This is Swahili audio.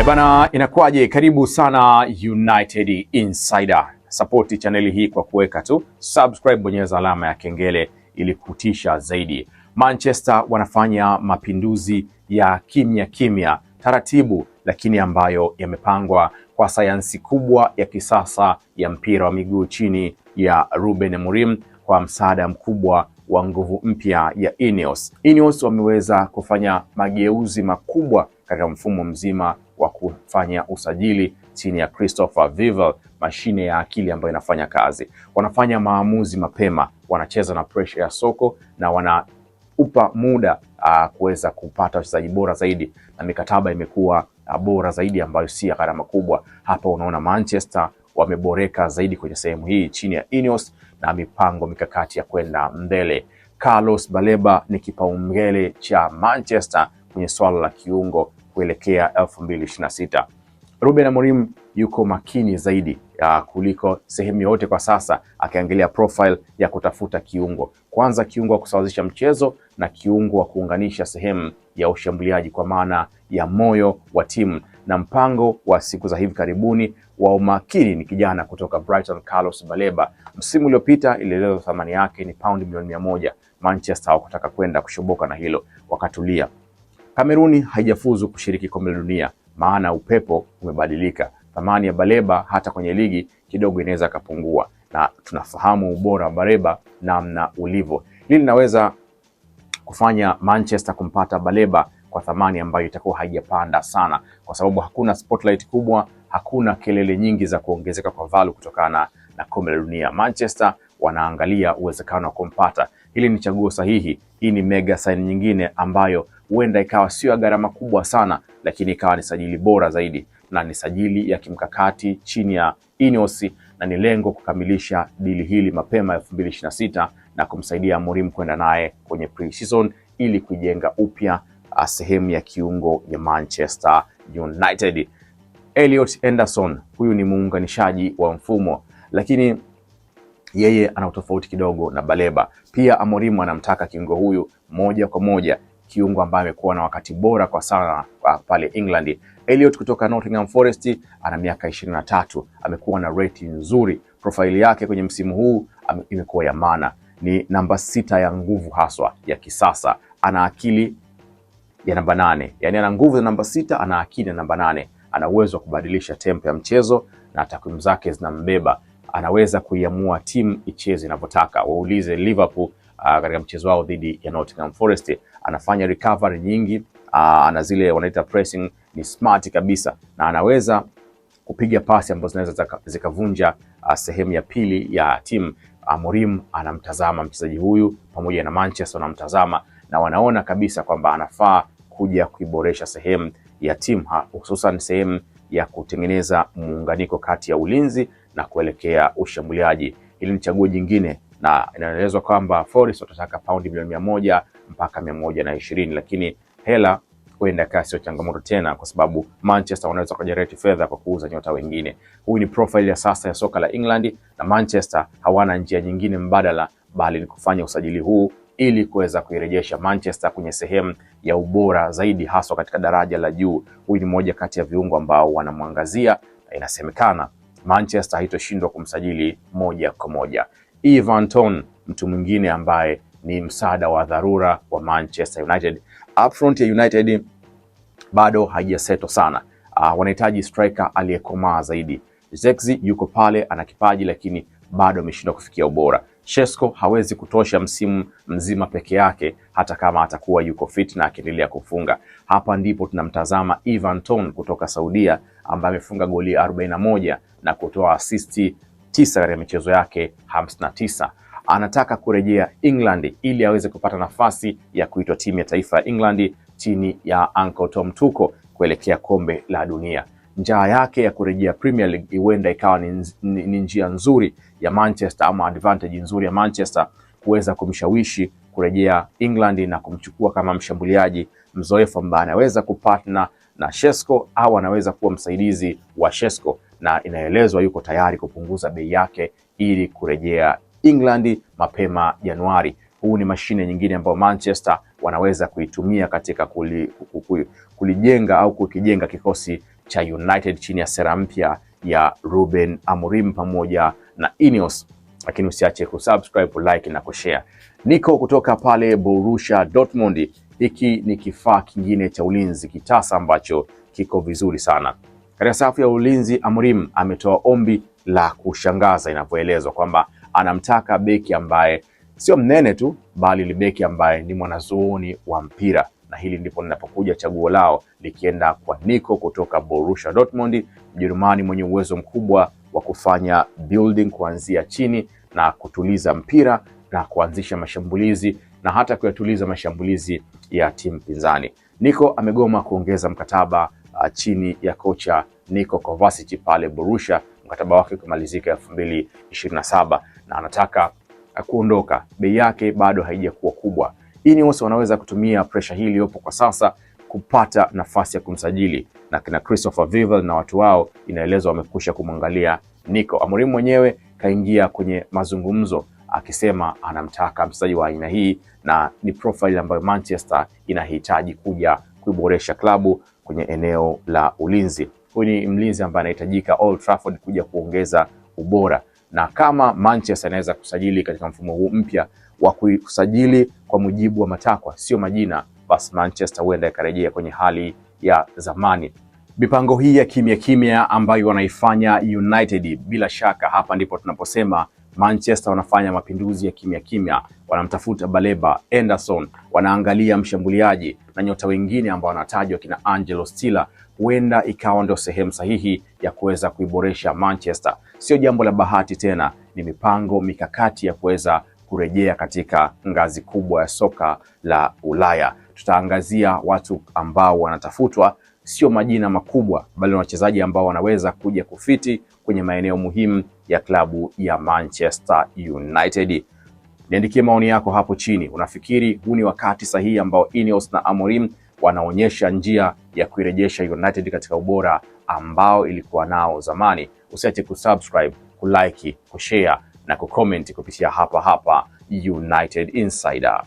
Ebana, eh inakuwaje? Karibu sana United Insider, sapoti chaneli hii kwa kuweka tu subscribe, bonyeza alama ya kengele ili kutisha zaidi. Manchester wanafanya mapinduzi ya kimya kimya, taratibu, lakini ambayo yamepangwa kwa sayansi kubwa ya kisasa ya mpira wa miguu chini ya Ruben Amorim kwa msaada mkubwa wa nguvu mpya ya Ineos. Ineos wameweza kufanya mageuzi makubwa katika mfumo mzima wa kufanya usajili chini ya Christopher Vival, mashine ya akili ambayo inafanya kazi. Wanafanya maamuzi mapema, wanacheza na pressure ya soko na wanaupa muda uh, kuweza kupata wachezaji bora zaidi, na mikataba imekuwa uh, bora zaidi ambayo si ya gharama kubwa. Hapa unaona Manchester wameboreka zaidi kwenye sehemu hii chini ya Ineos na mipango mikakati ya kwenda mbele. Carlos Baleba ni kipaumbele cha Manchester kwenye swala la kiungo kuelekea 2026. Ruben Amorim yuko makini zaidi ya ah, kuliko sehemu yoyote kwa sasa, akiangalia profile ya kutafuta kiungo, kwanza kiungo wa kusawazisha mchezo na kiungo wa kuunganisha sehemu ya ushambuliaji kwa maana ya moyo wa timu, na mpango wa siku za hivi karibuni wa umakini ni kijana kutoka Brighton Carlos Baleba. Msimu uliopita ilielezwa thamani yake ni paundi milioni mia moja. Manchester hawakutaka kwenda kushoboka na hilo, wakatulia. Kameruni haijafuzu kushiriki kombe la dunia, maana upepo umebadilika. Thamani ya Baleba hata kwenye ligi kidogo inaweza kapungua, na tunafahamu ubora wa Baleba namna ulivyo. Hili linaweza kufanya Manchester kumpata Baleba kwa thamani ambayo itakuwa haijapanda sana, kwa sababu hakuna spotlight kubwa, hakuna kelele nyingi za kuongezeka kwa value kutokana na kombe la dunia. Manchester wanaangalia uwezekano wa kumpata. Hili ni chaguo sahihi. Hii ni mega sign nyingine ambayo huenda ikawa sio ya gharama kubwa sana, lakini ikawa ni sajili bora zaidi na ni sajili ya kimkakati chini ya Ineos na ni lengo kukamilisha dili hili mapema 2026 na kumsaidia Amorim kwenda naye kwenye pre-season ili kujenga upya ah, sehemu ya kiungo ya Manchester United. Elliot Anderson huyu ni muunganishaji wa mfumo, lakini yeye ana utofauti kidogo na Baleba. Pia Amorim anamtaka kiungo huyu moja kwa moja kiungo ambaye amekuwa na wakati bora kwa sana ah, pale England. Elliot kutoka Nottingham Forest ana miaka 23, amekuwa na rate nzuri. Profaili yake kwenye msimu huu imekuwa ya maana, ni namba sita ya nguvu haswa ya kisasa, ana akili ya namba nane, yani ana nguvu ya namba sita, ana akili ya namba nane. Ana uwezo wa kubadilisha tempo ya mchezo na takwimu zake zinambeba, anaweza kuiamua timu icheze inavyotaka. Waulize Liverpool Ah, katika mchezo wao dhidi ya Nottingham Forest. Anafanya recovery nyingi, ah, ana zile wanaita pressing, ni smart kabisa na anaweza kupiga pasi ambazo zinaweza zikavunja ah, sehemu ya pili ya timu. Amorim anamtazama mchezaji huyu pamoja na Manchester wanamtazama na wanaona kabisa kwamba anafaa kuja kuiboresha sehemu ya timu, hususan sehemu ya kutengeneza muunganiko kati ya ulinzi na kuelekea ushambuliaji. Hili ni chaguo jingine na inaelezwa kwamba Forest watataka paundi milioni mia moja mpaka mia moja na ishirini lakini hela huenda kasi sio changamoto tena, kwa sababu Manchester wanaweza kujenerate fedha kwa kuuza nyota wengine. Huyu ni profile ya sasa ya soka la England, na Manchester hawana njia nyingine mbadala bali ni kufanya usajili huu ili kuweza kuirejesha Manchester kwenye sehemu ya ubora zaidi, haswa katika daraja la juu. Huyu ni mmoja kati ya viungo ambao wanamwangazia, na inasemekana Manchester haitoshindwa kumsajili moja kwa moja. Ivan Toney, mtu mwingine ambaye ni msaada wa dharura wa Manchester United. Upfront ya United bado haijaseto sana. Uh, wanahitaji striker aliyekomaa zaidi. Zexi yuko pale, ana kipaji lakini bado ameshindwa kufikia ubora. Shesko hawezi kutosha msimu mzima peke yake, hata kama atakuwa yuko fit na akiendelea kufunga. Hapa ndipo tunamtazama Ivan Toney kutoka Saudia ambaye amefunga goli 41 na kutoa asisti tisa katika michezo yake 59. Anataka kurejea England ili aweze kupata nafasi ya kuitwa timu ya taifa ya England chini ya Uncle Tom Tuchel kuelekea kombe la dunia. Njaa yake ya kurejea Premier League huenda ikawa ni njia nzuri ya Manchester ama advantage nzuri ya Manchester kuweza kumshawishi kurejea England na kumchukua kama mshambuliaji mzoefu ambaye anaweza kupatna na Shesko au anaweza kuwa msaidizi wa Shesko na inaelezwa yuko tayari kupunguza bei yake ili kurejea England mapema Januari. Huu ni mashine nyingine ambayo Manchester wanaweza kuitumia katika kulijenga kuli, kuli au kukijenga kikosi cha United chini ya sera mpya ya Ruben Amorim pamoja na Ineos. Lakini usiache kusubscribe, like na kushare. Niko kutoka pale Borussia Dortmund. Hiki ni kifaa kingine cha ulinzi kitasa ambacho kiko vizuri sana. Katika safu ya ulinzi, Amorim ametoa ombi la kushangaza inavyoelezwa kwamba anamtaka beki ambaye sio mnene tu, bali ni beki ambaye ni mwanazuoni wa mpira, na hili ndipo linapokuja chaguo lao likienda kwa Nico kutoka Borussia Dortmund, Mjerumani mwenye uwezo mkubwa wa kufanya building kuanzia chini na kutuliza mpira na kuanzisha mashambulizi na hata kuyatuliza mashambulizi ya timu pinzani. Nico amegoma kuongeza mkataba uh, chini ya kocha Niko Kovacic pale Borussia, mkataba wake ukimalizika 2027 na anataka uh, kuondoka. Bei yake bado haijakuwa kubwa. Ineos wanaweza kutumia presha hii iliyopo kwa sasa kupata nafasi ya kumsajili na kina Christopher Vival na watu wao, inaelezwa wamekusha kumwangalia niko Amorim mwenyewe kaingia kwenye mazungumzo akisema anamtaka mchezaji wa aina hii na ni profile ambayo Manchester inahitaji kuja kuiboresha klabu kwenye eneo la ulinzi. Huyu ni mlinzi ambaye anahitajika Old Trafford kuja kuongeza ubora, na kama Manchester anaweza kusajili katika mfumo huu mpya wa kusajili kwa mujibu wa matakwa, sio majina, basi Manchester huenda ikarejea kwenye hali ya zamani. Mipango hii ya kimya kimya ambayo wanaifanya United, bila shaka hapa ndipo tunaposema Manchester wanafanya mapinduzi ya kimya kimya, wanamtafuta Baleba, Anderson, wanaangalia mshambuliaji na nyota wengine ambao wanatajwa kina Angelo Stiller. Huenda ikawa ndio sehemu sahihi ya kuweza kuiboresha Manchester. Sio jambo la bahati tena, ni mipango mikakati ya kuweza kurejea katika ngazi kubwa ya soka la Ulaya. Tutaangazia watu ambao wanatafutwa, sio majina makubwa, bali na wachezaji ambao wanaweza kuja kufiti kwenye maeneo muhimu ya klabu ya Manchester United. Niandikie maoni yako hapo chini. Unafikiri huu ni wakati sahihi ambao Ineos na Amorim wanaonyesha njia ya kuirejesha United katika ubora ambao ilikuwa nao zamani? Usiache kusubscribe, kulike, kushare na kucomment kupitia hapa hapa United Insider.